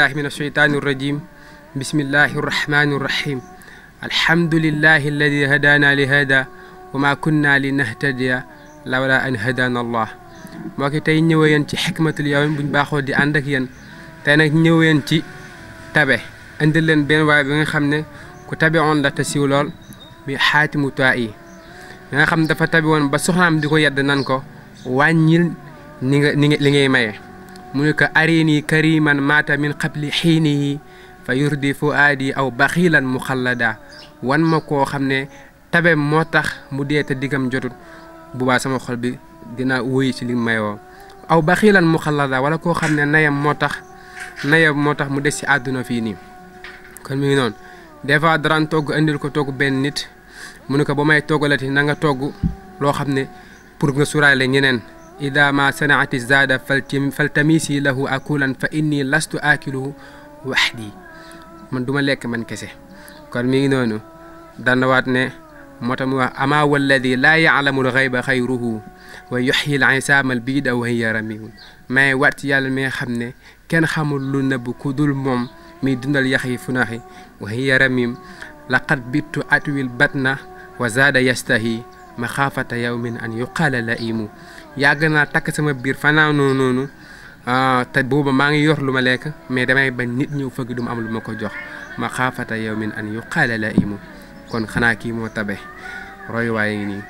بالله من الشيطان الرجيم بسم الله الرحمن الرحيم الحمد لله الذي هدانا لهذا وما كنا لنهتدي لولا أن هدانا الله mbokk yi tey ñëwee yéen ci xikmatul yawmi buñ baaxoo di ànd ak yéen tey nag ñëwee yéen ci tabe indil leen benn waaye bi nga xam ne ku tabe woon la te siiw lool muy xaatimu taa yi bi nga xam dafa tabe woon ba soxnaam di ko yedd nan ko wàññil ni nga ni nga li ngay maye. mu ne ko arini kariman maata min qabli xiinihi fa yurdi fuaadi aw baxiilan muxallada wan ma koo xam ne tabe moo tax mu dee te diggam jotut bu baa sama xol bi dina wóyi ci li mayoo aw baxiilan muxallada wala koo xam ne nayam moo tax nayam moo tax mu des ci àdduna fii nii kon mi ngi noonu des fois daraan togg indil ko togg benn nit mu ne ko ba may toggalati na nga togg loo xam ne pour nga suraale ñeneen إذا ما صنعت الزاد فلتميسي له أكولا فإني لست آكله وحدي من دوما لك من كسي كون مي نونو دانوات ني موتام أما والذي لا يعلم الغيب خيره ويحيي العصام البيد وهي رميم ما وقت يال مي خامني كان خامل لو نب كودول موم مي دندل يخي فناخي وهي رميم لقد بت أتوي البتنة وزاد يستهي maxaafata yawmin an yuqaala laimu yàgg naa takk sama biir fanaanoo noonu te booba maa ngi yor lu ma lekk mais damay bañ nit ñëw fëgg du ma am lu ma ko jox maxaafata yawmin an yuqaala laimu kon xanaa kii moo tabe roy waaye ngi nii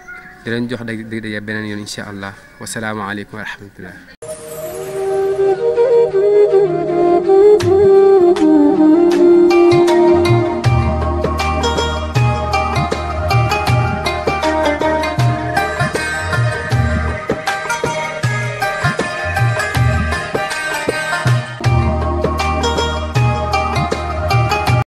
di leen jox dëgg dëgg beneen yoon incha allah wasalaamualeykum wa rahmatullah